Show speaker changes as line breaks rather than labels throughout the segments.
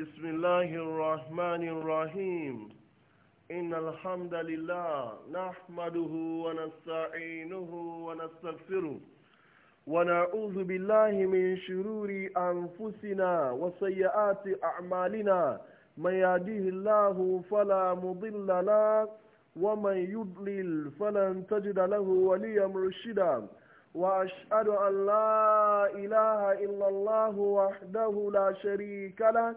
بسم الله الرحمن الرحيم إن الحمد لله نحمده ونستعينه ونستغفره ونعوذ بالله من شرور أنفسنا وسيئات أعمالنا من يهده الله فلا مضل له ومن يضلل فلن تجد له وليا مرشدا وأشهد أن لا إله إلا الله وحده لا شريك له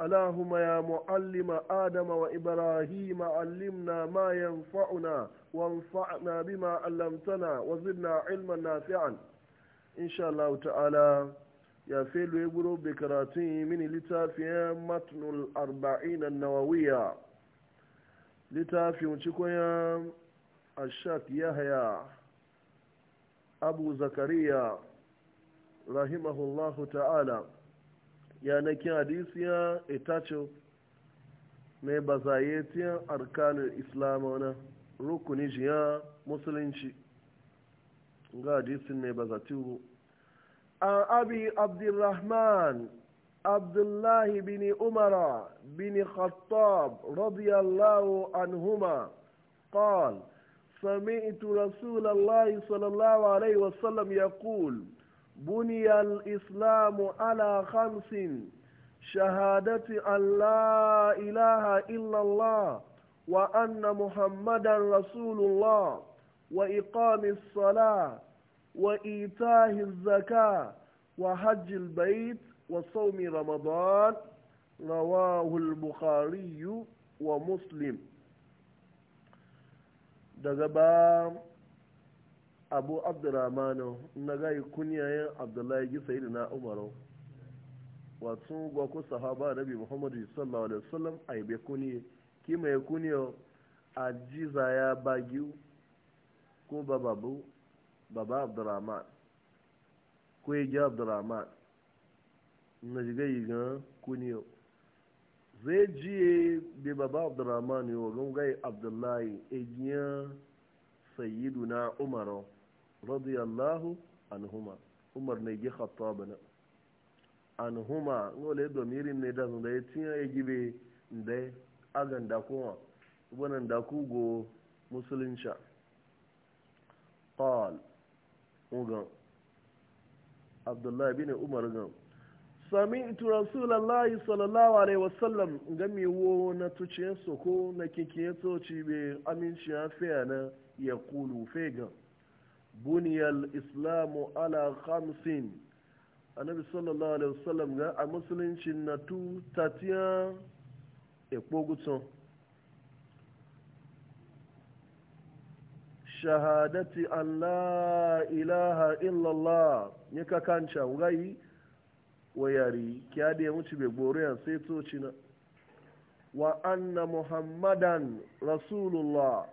اللهم يا معلم آدم وإبراهيم علمنا ما ينفعنا وانفعنا بما علمتنا وزدنا علما نافعا إن شاء الله تعالى يا فيلو يقولوا بكراتي من لتافيا متن الأربعين النووية لتافي وشكويا الشاك يحيى أبو زكريا رحمه الله تعالى ya na kin hadisi ya itacho mai yi tiyan arkanin islam na rukuni jiya musulunci ga hadisin mai ba zati an abi abdulrahman abdullahi bin umara bin khattab radiyallahu anhuma قال سمعت رسول sallallahu alaihi wasallam عليه وسلم يقول بني الإسلام على خمس شهادة أن لا إله إلا الله وأن محمدا رسول الله وإقام الصلاة وإيتاء الزكاة وحج البيت وصوم رمضان رواه البخاري ومسلم دغبام abu abdurrahmanu na gayi kunyayen abdullahi gisa yi na umaru wasu gwakwa sahaba nabi muhammadu sallallahu alaihi wasallam a ibe kuniye ki mai kuniyo a jiza ya bagiu ko bababu baba abdurrahman ko ya gi abdurrahman na jiga yi gan kuniyo zai jiye bi baba abdurrahman yau gan gayi abdullahi e sayidu na umaru radiyallahu anhuma umar ne gi khattabana anhuma ngole domirin ne da zunda yatin e ya e gibe da agan da kuma wannan da ku go musulunci qal ugan abdullahi bin umar gan sami'tu rasulullahi sallallahu alaihi wasallam game wo na tuciyar soko na kikiye toci be aminci ya na ya kulu fegan buniyal islamu ala khamsin annabi sallallahu alaihi wasallam ga a musuluncin na tu tatiya ekpogutun shahadati an la ilaha illallah ya kakanca wurayi wa yari kya da ya mutu bai goriyan sai tocina wa anna muhammadan rasulullah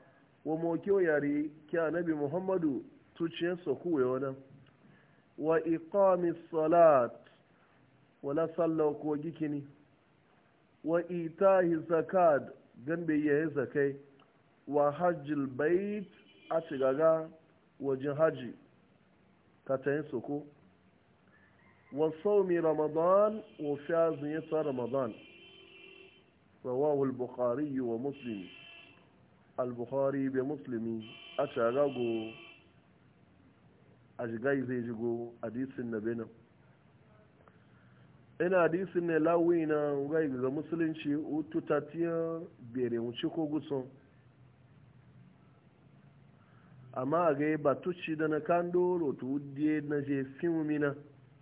wa mokiyo yari kya nabi muhammadu tuciyar ya wani wa iqamis salat wala sallah ko gikini wa itahi zakat bai yayi zakai wa hajjil bait a cigaga wajen haji katayin soko wa saumi ramadan wa fiyazin yasa ramadan rawahu al-bukhari wa muslim al-bukhari bi muslimi a cagago a zai jigo hadisin na benin ina hadisin ne lawi na gai ga musulunci utu tatiya bere wuce ko gusun amma a ga batuci da na kando rotu wudde na je fimumina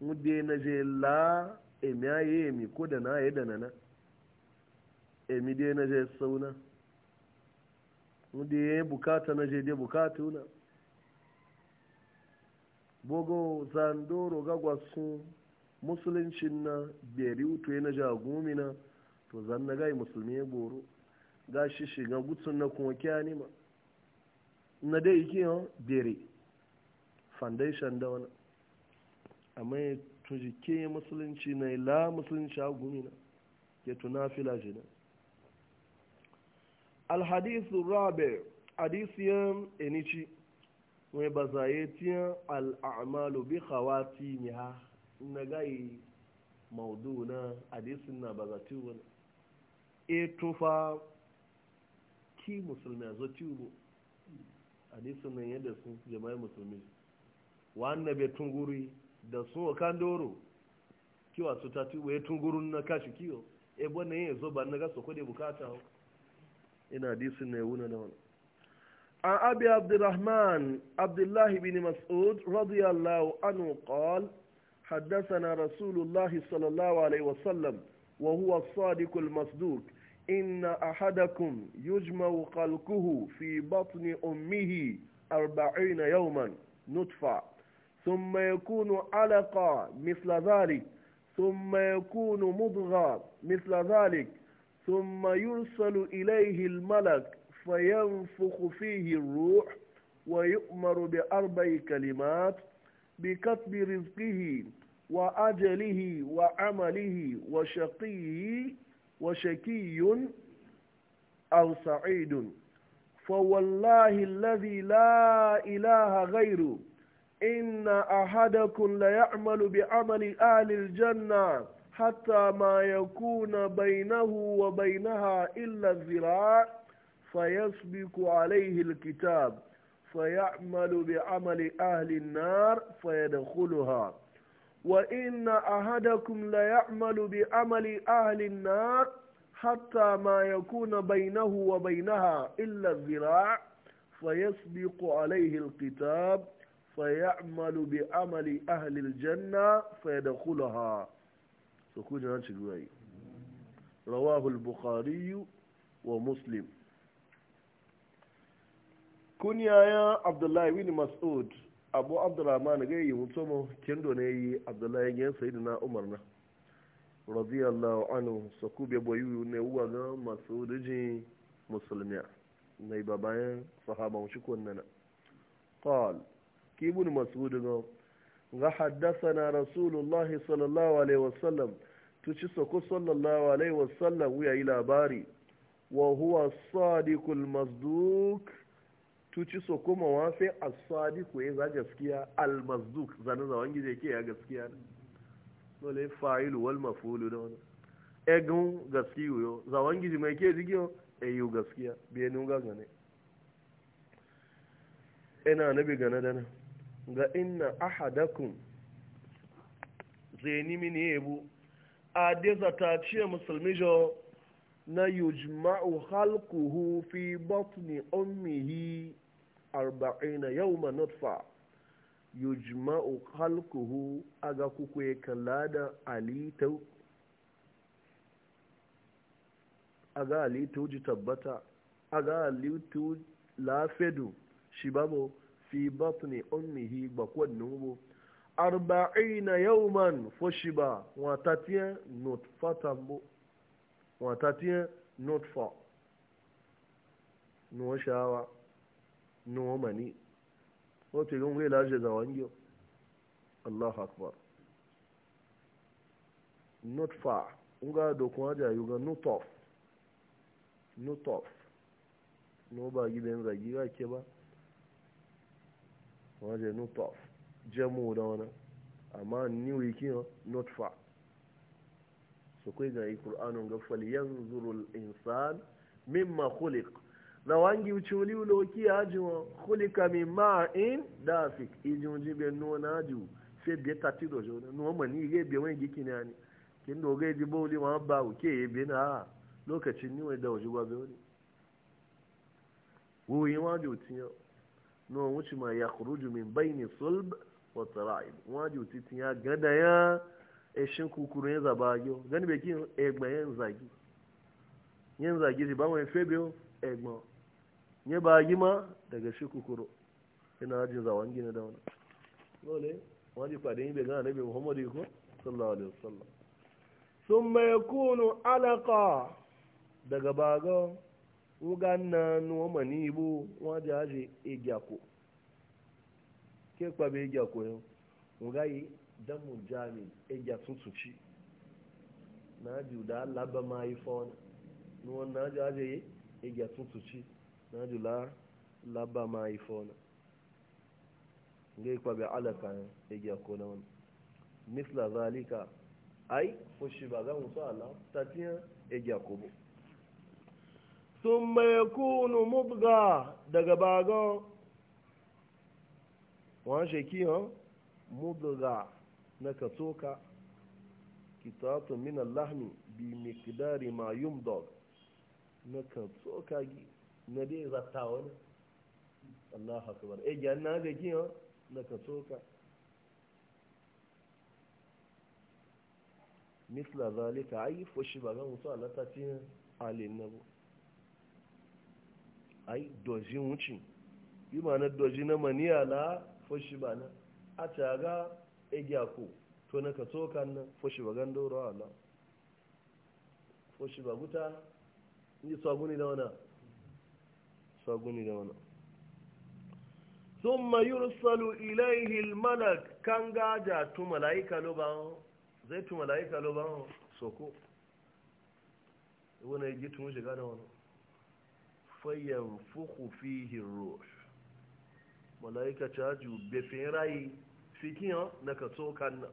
wudde na je la emi aye emi ko da na aye da na na emi dai na je sauna wudiye bukata na je dai bukata wuna bogo zandoro gagwa sun musuluncin na beri utu na jagumi na to zan na gai musulmi ya e goro ga shi shiga gutsun na kuma kya ma na dai iki yawon beri foundation da wani amma ya tuji ke musulunci na ila musulunci a Gumina? na ke tuna fila shi na alhadisu rabe hadisiyan enici wai ba zaye tiyan al'amalu bi khawati ni ha na gai maudu na hadisin na ba zati wani e tufa ki musulmi a zati ubo hadisin na yadda sun jama'i musulmi wa annabe tunguri da sun wa kan doro kiwa su ta wa ya tungurun na kashi kiyo e bwana yin zo ba na gasa kode bukata ina hadisin na ya wuna na wani عن أبي عبد الرحمن عبد الله بن مسعود رضي الله عنه قال حدثنا رسول الله صلى الله عليه وسلم وهو الصادق المصدوق إن أحدكم يجمع خلقه في بطن أمه أربعين يوما نطفة ثم يكون علقا مثل ذلك ثم يكون مضغة مثل ذلك ثم يرسل إليه الملك فينفخ فيه الروح ويؤمر بأربع كلمات بكتب رزقه وأجله وعمله وشقي وشكي أو سعيد فوالله الذي لا إله غيره إن أحدكم ليعمل بعمل أهل الجنة حتى ما يكون بينه وبينها إلا الذراع فيسبق عليه الكتاب فيعمل بعمل أهل النار فيدخلها وإن أحدكم ليعمل بعمل أهل النار حتى ما يكون بينه وبينها إلا الذراع فيسبق عليه الكتاب فيعمل بعمل أهل الجنة فيدخلها رواه البخاري ومسلم kunyayen abdullahi wini mas'ud abu na ga yi mutum kendo ne yi abdullahi yan sayi na umar na radiyallahu anhu saku bai boyu ne uwa ga mas'ud ji musulmi na yi babayan sahaban shi kunnana qal ki ibn mas'ud ga ga haddathana rasulullahi sallallahu alaihi wasallam tuci saku sallallahu alaihi wasallam ya yi labari wa huwa sadiqul mazduk tuci so kuma wa sai asadi ko ya za gaskiya almazduk zane za wangi da ke ya gaskiya ne dole fa'ilu wal mafulu da wani egun gaskiyu yo za wangi mai ke jigiyo eyu gaskiya be nu ga gane ina nabi gane dana ga inna ahadakum Zaini mini ebu adeza ta ce musulmi jo na yujma'u khalquhu fi batni ummihi arba'ina yawma nutfa yujma'u khalquhu aga kuku kalada alita aga alita uji tabbata aga alita lafedu shi babo fi batni ummihi bakwad nubu arba'ina yawman fushiba wa tatiya nutfatan bu wata tiye not for nuwa shawa nuwa mani wata yi gungun ilashe ga wangiyo allah akbar not far nga dokun aja ga not off not off no ba gidan zagi ga ke ba wajen not off jemu da wani amma ni wiki not far su kai ga qur'anun ga falyanzurul insan ma khuliq na wangi uchuli ulo wa ajo min ma in da dafik ijun jibe no na ju fe bi tatido jo no mani ge bi wangi kinani kin do ge jibo li wa ba u ke bi na lokacin ni wai da waje gwa bewani wuyi waje utiyo no wuce ma ya khuruju min bayni sulb wa tara'ib waje utiyo gada ya eshin kukuru ya zaba yo gani be ki egba ya zagi yin zagi ji ba mai o, egbe o. Nye ba gi ma daga shi kukuru ina jin zawan gina da wani dole wani kwade yi be gana nabi muhammadu ko sallallahu alaihi wasallam sun mai kunu alaka daga baga uganna nuwa ni ibu wajen aji igyako ke kwabe igyako yau ngayi dan mu jami egya sun su ci na ju da laba ma yi fa wani na ju aje egya sun su ci na ju la laba ma yi fa wani ngai kwa bi alaka egya ko na wani misla zalika ai fushi ba za mu so Allah tatiya egya ko bo sun mai kunu mubga daga bagon wọ́n ṣe kí na ka tsoka kitatu min lahmi bi miqdari ma dog na ka tsoka gi na dai zatta wani Allah akbar e gyan na ga kiyo na ka tsoka misla zalika ai fushi ba ga mutu Allah ta ci alin nabu ai dozi wucin yi ma na doji na mani ala fushi ba na a ta ga egya ko to na ka tsokan nan foshi ba gando rawa na foshi ba guta ni saguni da wana saguni da wana thumma yursalu ilayhi almalak kan gaja tu malaika lo ba zai tu malaika lo ba soko yi tu tun shiga da wani fayyan fuku fihin ruh malaika ta ju befin rayi fikiyan na ka tsokan nan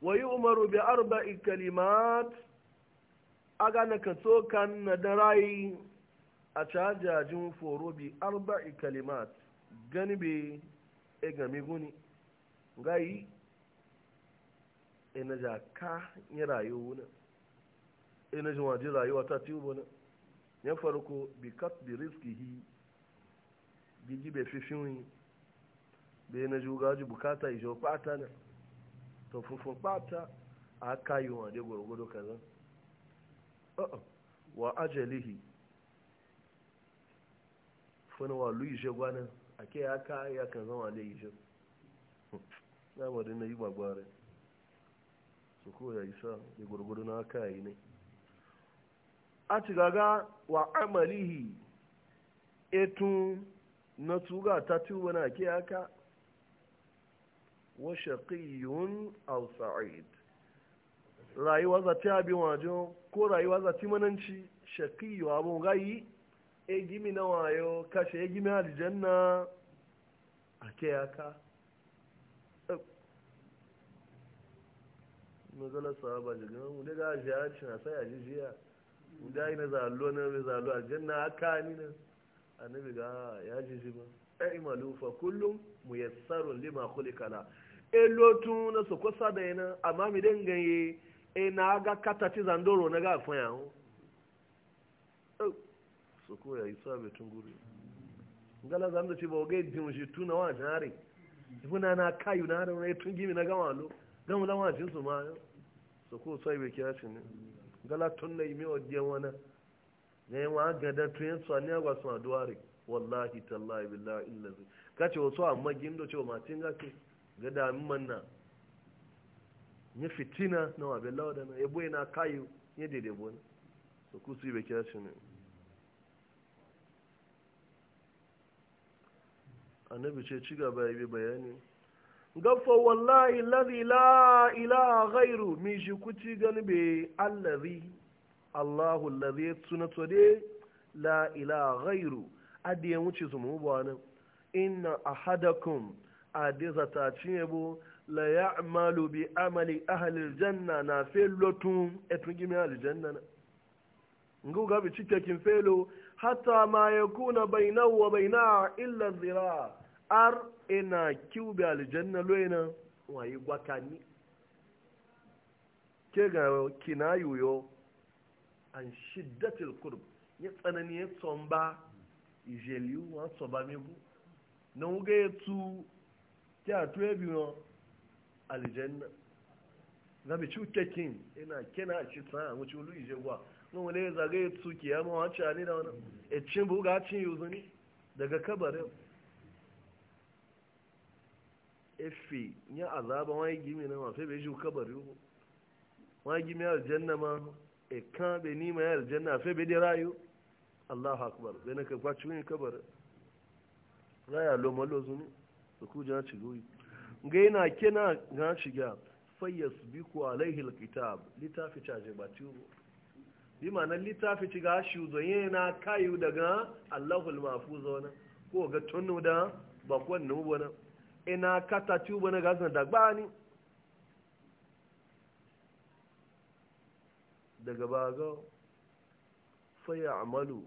wa yi umaru bi arba'i kalimat aga na ka tsokan na da rayi a cajajin foro bi arba'i kalimat gani bi e gami guni gai e na jaka yi e na ji waje rayuwa ta tiwo na ya farko bi kat bi hi gigi bai fi wuni bai na jiwuga ji bukata ije kwata na to funfun kwata a kayi wa dai gwargwado kazan wa ajalihi fana wa lu ishe gwanan a ke ya aka ya kan zama da na wadda na yi gbagbare su ko ya isa da gwargwado na yi ne a ci gaga wa amalihi etun na tuga ta tuwa na ke aka. wa shaqiyun aw sa'id rayuwa za ta wajo ko rayuwa za mananci shaqiyu abun gayi e gimi na wayo kashe e gimi aljanna ake aka magana sahaba daga mu daga jiya cin sai a jiya mu dai na zalo na zalo aljanna aka ni na annabi ga ya ji ji ba ai malufa kullum muyassarun lima khuliqa la elotu na soko sada yana amma mi den ganye e na ga kata ti zandoro na ga fanya ho e, soko ya isa be tunguri ngala zanda ti boge jin shi tuna wa jare ibuna na kayu na da ne tungi mi na ga walo ga mu lawa jin su ma soko sai be kiya shi ne ngala tun na imi odiye wana ne wa ga da tun so ne ga so aduare wallahi tallahi billahi illazi kace wasu amma gindo ce ma tinga ke ga damin manna ya fitina na wabe lauda na yabo yana kayu ya daidai bona so ku su yi bai kira shi ne annabi ce ci gaba ya bi bayani gafa wallahi lazi la ilaha ghairu mi shi kuci gani be allazi allahu lazi suna tsode la ilaha ghairu adiyan wuce su mu ba nan inna ahadakum adiza ta cinye bu la ya'malu bi amali ahli aljanna na tun etun gimi aljanna na ngu gabi kin felo hatta ma yakuna bainahu wa bainaha illa zira. ar ina e kiubi wa yi wayi gwakani ke ga kinayu an shiddatil qurb ya tsanani ya tsomba ijeliu wa tsomba mebu na wuga ya tu kí àtúwé bí wọn àlìjẹ́nà zabi kin, ina kina ci san a wuce olu ije gwa nun wale zagaye tsuki ya a ci ni da wani e cin buga cin yuzu ni daga kabarin efi ya azaba wani gimi na ma mafi bai jiwu kabari ko wani gimi aljanna ma e kan bai nima ya aljanna fe bai da rayu allahu akbar bai na kakwa cikin kabarin raya lomalo zuni su ku jana ci goyi ga yana kina ga shiga fayyas biku alaihi alkitab littafi caje ba ciwo bi nan littafi ci ga shi zoye na kayu daga allahul mafu zauna ko ga tunu da bakon nubu wani ina e kata ciwo wani gasa da gbani daga baga faya amalu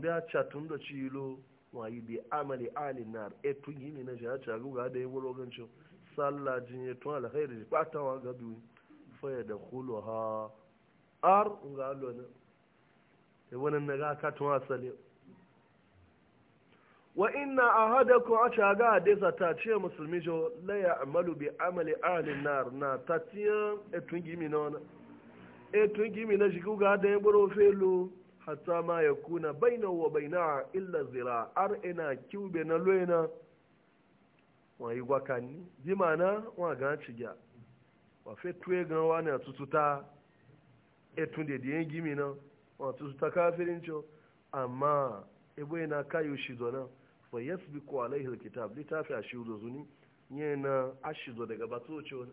da catun da cilo wayi bi amali ali nar etu gimi na jaha cagu ga da wolo gancho salla jin ya tun alkhairi ji wa ga fa faya da kulo ar nga alo na ya e, wani na ga ka to asali wa inna ahadakum ashaga de ta ce musulmi jo la ya'malu bi amali ali nar na tatiya etu gimi na wana etu gimi na jigu ga de yabo felu hatta ma ya kuna baina wa baina illa zira ar ina kiube na loina wa yi gwakanni bi mana wa ga ciga wa fe tuwe gan wa na tututa etun de de gimi na wa tututa kafirin cho amma ebo ina kayu shizo na fa yasbiqu alaihi alkitab litafi ashizo zuni yana ashizo daga batocho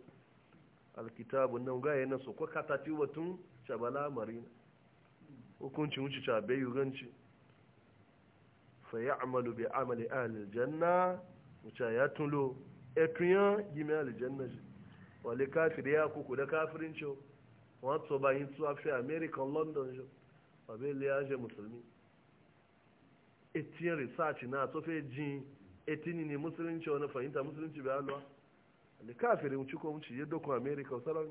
alkitab nan ga yana so ko katati tun shabala marina hukuncin wucica bai yuganci fa ya amalu bai amali ahalil janna wuce ya tulo etuyan gimi alijanna shi wale kafir ya kuku da kafirin ci wọn tso bayin tso afi american london shi wabe ile ya ṣe musulmi etiyan research na to fe jin etini ni musulunci wani fahimta musulunci bai alwa wale kafirin ci ko wuce ya dokun america sarar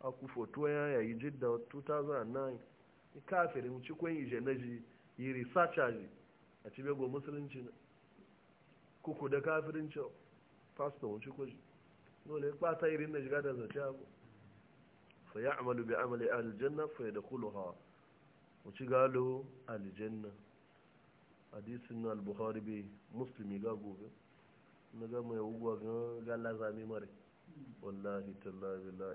akufo tuwa ya yayi jidda 2009 kafirin cikon yi na ji yi risacha ji a ci bego musulunci na kuku da kafirin cewa, fasta wuce kwaji dole ya ta irin na shiga da zace abu fa ya amalu bi amali aljanna fa ya da hawa wuce galo aljanna hadisun al-bukhari bi muslimi ga gobe na gama ya wugwa ga lazami mare wallahi tallahi la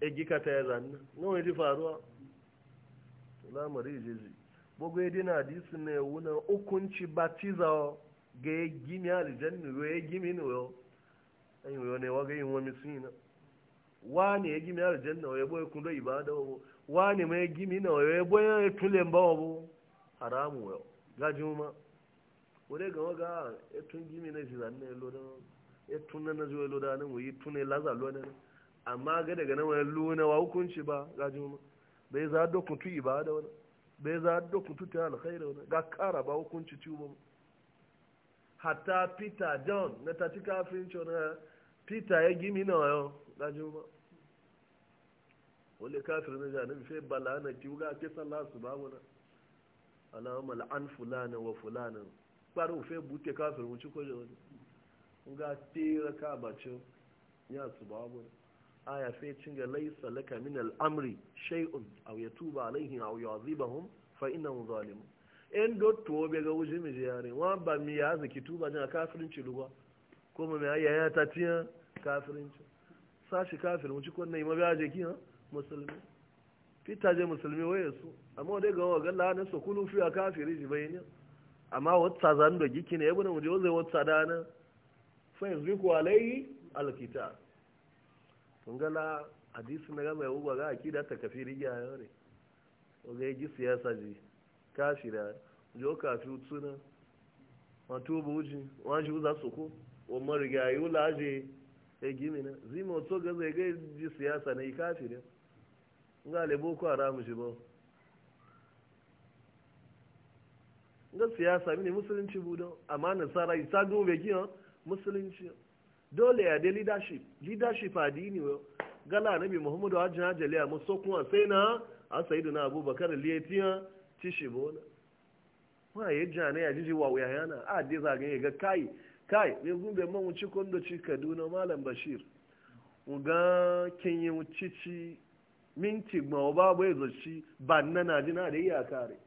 egika ta ya zanna nawa ji faruwa lamari jeji gbogbo ya na hadisi na ewu na hukunci batiza ga egimi gimi alijanni ya egimi ni yo ayi yo ne waga yin wani suna wani ya gimi alijanna ya boye kun ibada wo wani ma egimi na ya boye tulen ba wo haramu yo gajuma wore ga waga etun gimi na shi na ya lodan etun na na zo ya lodan na wo yi tunai laza lodan amma ga daga nan wani luna wa hukunci ba ga juma bai za dokun tu ibada wani bai za dokun kuntu ta alkhairi wani ga kara ba hukunci ci ba hatta peter john na ta ci kafin ci wani peter ya gimi na wayo ga juma wani kafir na janibi fai bala na ki wuga ke sallah su ba wani alama la'an fulani wa fulani fulana kparin fai bute kafir wuce kwaje wani ga tera kabacin ya su ba wani aya sai cinga laisa laka min al'amri shay'un aw yatuba alaihim aw yu'adhibahum fa innahu zalim en do to be ga wuje mi jare wa ba mi ya zaki tuba jin ci luwa ko mu mai ayya ta tiya sa sashi kafir mu ci ko nayi ma ba je kiyan musulmi fita je musulmi waye su amma dai ga wa galla na su kulu fi kafiri ji bayani amma wata zan do gikine ya bune mu je wata dana fa yuzriku alaihi alkitab ngala hadisi na gama yawo ga akida ta kafiri ya yore oga ji siyasa ji kafira jo kafi utsuna wato buji waju za su ku o ga yi laje e gimina zima oto ga zai gai ji siyasa na kafira nga le boko haram ji ba nga siyasa mini musulunci budo amma nasara isa gobe giyan musulunci dole ya de leadership leadership adini wa gala anabi muhammadu hajji ajali a musokun a sai na a sayidu na abubakar liyatiya tishi bona ma ya jana ya jiji wa wuya yana a dai zagan ya ga kai kai ya gumbe man wuci kondo ci kaduna malam bashir uga kenye wuci ci minti ma babu ya ba ban na na jina da iya kare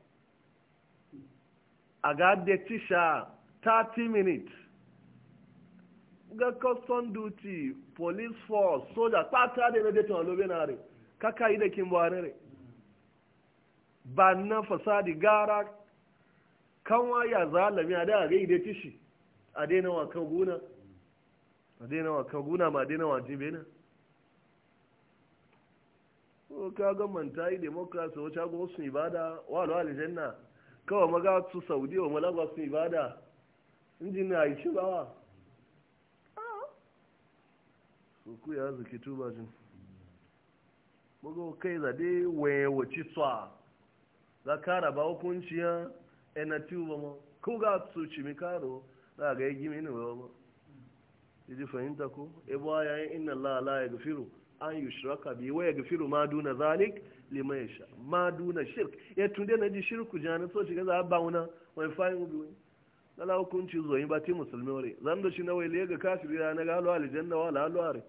a ga da tisha 30 minutes ga custom duty police force soja kpata da na detun alobe na re kaka yi da kin ba ne re ba na fasadi gara kanwa ya zalami a da ga da tishi a daina wa kan guna a daina wa kan guna ma daina wa jibe na ko ka ga manta yi democracy wacce ga wasu ibada wa alwali janna kawai maga su saudi wa malaga su ibada injin na yi shi bawa so ku ya zuki tuba jin bugu kai zade waye tsawa za kara ba hukunci ya ena tuba ma ku ga su ci mi karo za ga yi gimi ne ba ji fahimta ku ebo yi inna allaha ya gafiru an yi shiraka bi wa gafiru ma duna zalik limai sha ma duna shirk ya tunde na ji shirku jani so shiga za ba wuna wani fayin ubi lala hukunci zo yin ba ti musulmi wari zan da shi na wai ga kafiri ya na galo aljanna wa la alwari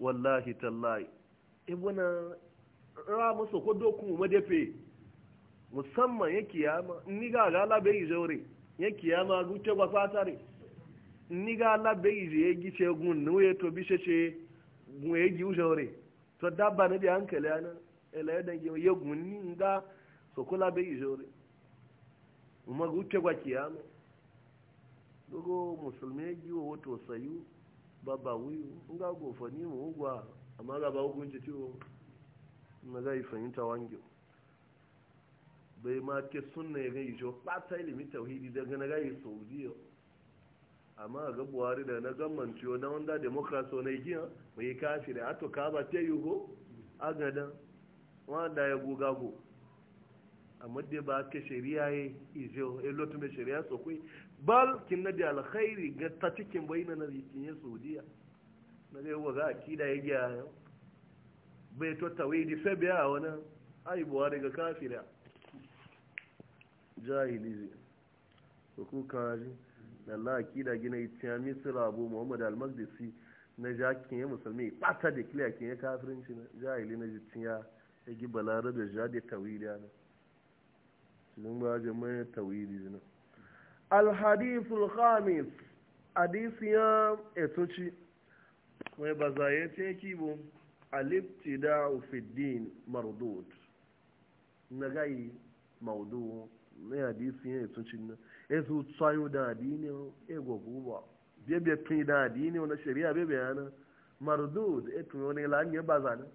wallahi tallahi ibuna ra musu ko dokun madafe musamman ya kiyama ni ga ga labe izore ya kiyama gute gwa fatare ni ga labe ize ya gice gun nu ya to bishe ce gun gi to dabba ne bi hankali ana ela ya ya gun ni ga so ko labe izore umma gute gwa kiyama dogo musulmi gi wo to sayu Babba wuyu nga ga gofani mu ugwa amma ga ba hukunci ciwo na zai fahimta wange. bai ma ke sunna ya gani jo fata ilimin tauhidi daga na gai saudiya amma ga buhari da na gamman ciwo na wanda demokrasi na igiya mai kashi da ato kaba te a agada wanda ya gugago amma da ba ke shari'a ya izo ya e lotu mai shari'a sokwai bal kin na da alkhairi ga ta cikin bayyana na rikin ya saudiya na zai wa za a kida ya yau bai to wai di fe a wani aibuwa daga kafira jahili zai hukun kaji da Allah kida gina ya misira abu muhammad al-maqdisi na jakin ya musulmi ɓata da kiliya kin ya kafirinci jahili na jikin ya balarar da jade tawili na sun ba jama'a tawili na alhadisul khamis hadisiyan etoci mai ba za ya ce kibo aliftida ufiddin mardud na gai maudu na hadisiyan etoci na ezu tsayo da adini egwaguba bebe tun da adini wani shari'a bebe yana mardud etu wani lanyi baza zanen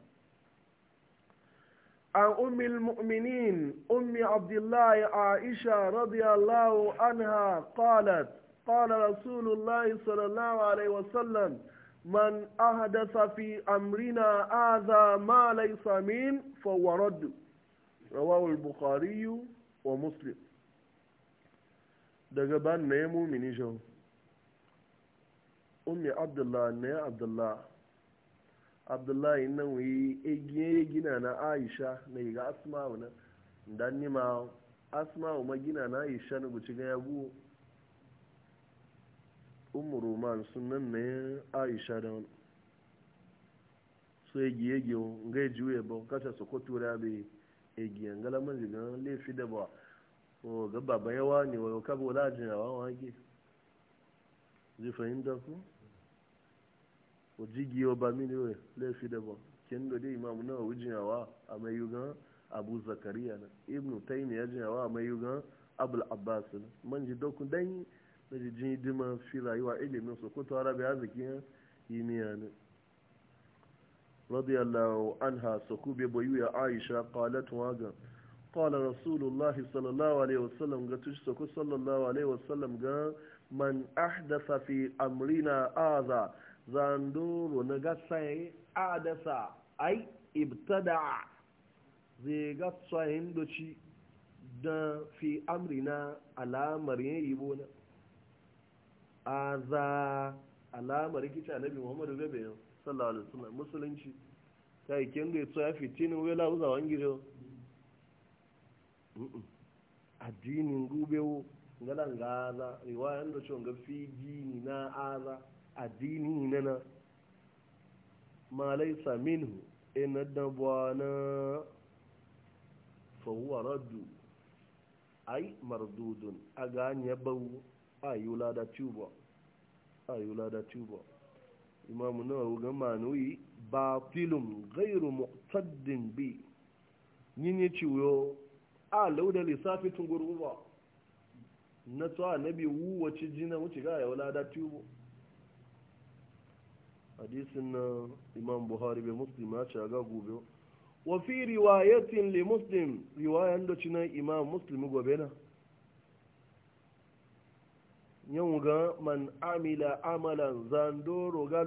عن أم المؤمنين أم عبد الله عائشة رضي الله عنها قالت قال رسول الله صلى الله عليه وسلم من أحدث في أمرنا هذا ما ليس من فهو رد رواه البخاري ومسلم daga ban ne mumini عبد ummi abdullah ne abdullah abdullahi nan wuyi egiye gina na aisha na yi ga asma'u na dan ni ma asma'u ma gina na aisha na guci ga yagu ummu roman sunan ne aisha da wani so egiye egiye ga juye ba kasha su kotu da bai egiye ngala man jiga lefi da ba o ga baba yawa ne wa ka bola jinawa wa ge zai fahimta ku o ba ọba mini rẹ lẹfi dẹbọ kendo de imamu náà o jinyawa a mayugan abu zakariya na ibnu taimi ya jinyawa a mayugan abul abbas na man ji dokun na ji jin dima fi ilimin su ko tawara bai arziki ya yi radiyallahu anha saku bai bayu ya aisha qalat waga قال رسول الله صلى الله عليه وسلم صلى الله عليه وسلم قال من أحدث في أمرنا zanduru na gasai sa ai ibtada zai gatsayin doci da fi amrina alamar yin yibo na a za alamar rikici annabi muhammadu bebe yau sallallahu alaihi wasallam musulunci ta yi kin ga tsoya fitini wela uza wangijo addinin gube wo ga aza riwayan da cewa ga fi gini na aza addini nana ma laisa minhu ina dabuwa na fawuwa raddu yi mardudun a ga hanyar bau a yi wula tuba a yi wula tuba imamu na rugan manuyi ba filin gairu muqtaddin bi yin yi ciwo a lauda lissafi tun gurguwa na tsawa na biyu wuwaci jina wuce ga ya wula da tuba hadisin na imam buhari bai muslim ya ce ga gobe wa fi riwayatin li muslim riwayan da cinan imam muslim gobe na yau ga man amila amalan zando ga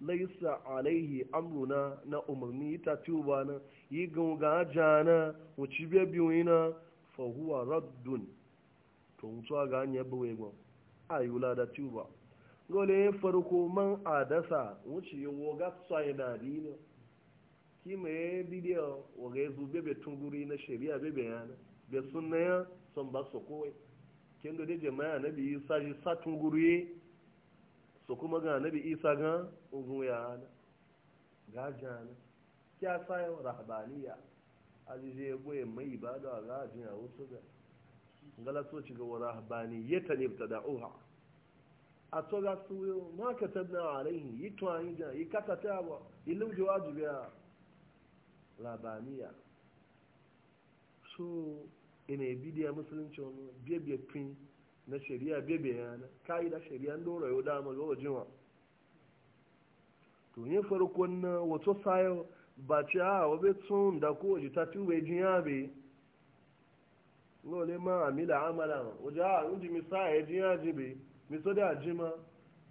laisa alaihi amruna na umarni ta tuba na yi ga jana wuci biya biyu na fahuwa raddun to mutuwa ga hanyar bawai gwa wula da tuba gole farko man adasa wuce woga tsaye da dino ki mai bidiyo waga yanzu bebe tunguri na shari'a bebe yana be sunna ya son ba su kowai kin da jama'a na biyu saji sa tunguri su kuma ga na biyu isa ga ugun ya na gajana kya sa yau rahabaniya ajije boye mai ibada ga ajin a wasu ga ngala so ci ga rahabaniyata ne ta da'uha a tsoga su ma ka tabna alaihi yi tuwani da yi kata ta ba ilu jawabi biya labaniya so ina yi bidiyar musulunci wani bebe pin na shari'a bebe yana kayi da shari'a ɗora yau dama ga wajewa to yin farkon na wato sayo ba ce a wabe tun da kowace ta tube jiya be lole ma amila amala wajen a yi jimi sa ya jiya jibe miso da jima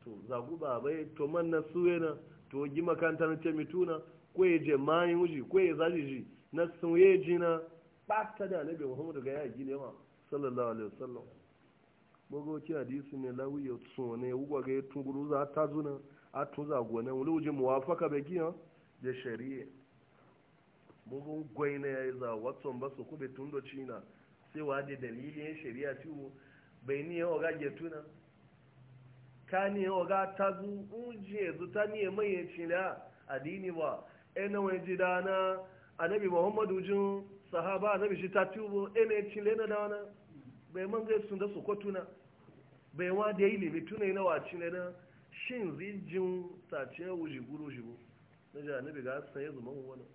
to zagu ba bai to man na suwe na to gi makanta na ce mituna ko ya je mayin wuji ko ya zaji ji na suwe ji na ɓata da annabi muhammadu ga ya gile ma sallallahu alaihi wasallam bogo ci hadisi ne lawi ya tsone wuwa ga tunguru za ta zuna a tun zago wani wuji muwafaka bai na ya yi za watson ba su kube tun da cina sai wa da dalilin shari'a ciwo bai ni yawa ka ne waga ta zu uje ta ne mai ya ci na addini ba ina wani ji dana annabi muhammadu jin sahaba annabi shi ta tubo ina ya ci na dawana bai man zai sun da su ko tuna bai wa da yi lebe tuna yi wa ci na shin zijin ta ce wuji guru shi bu na ji annabi ga san ya zuma wani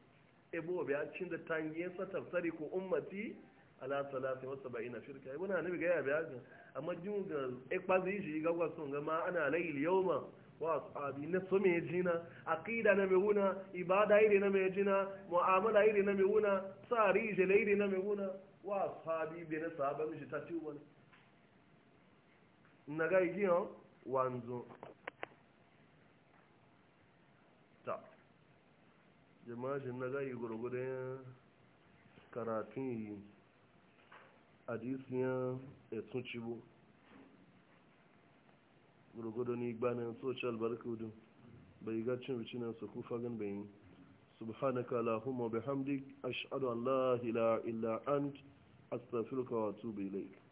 ebo bai cin da tangiyen sa tafsari ko ummati ala salasi wasu bai na shirka yi wani annabi gaya biya ga amma jin ga ikpazi shi ga wasu ga ma ana layil yawma wa ashabi na so me jina aqida na me wuna ibada ire na me jina mu'amala ire na me wuna tsari je ire na me wuna wa ashabi bi na sahaba shi ta ciwo ne na ga yi wanzo ta jama'a na ga yi gurgurun karatun yi hadisiyan etun cibo gurgudu ni gbanin social barcodin bai ga cin ricinan su sọ̀kú gan bẹ̀yìn subhanaka kala bihamdik ashhadu an la ilaha illa ant astaghfiruka wa atubu ilayk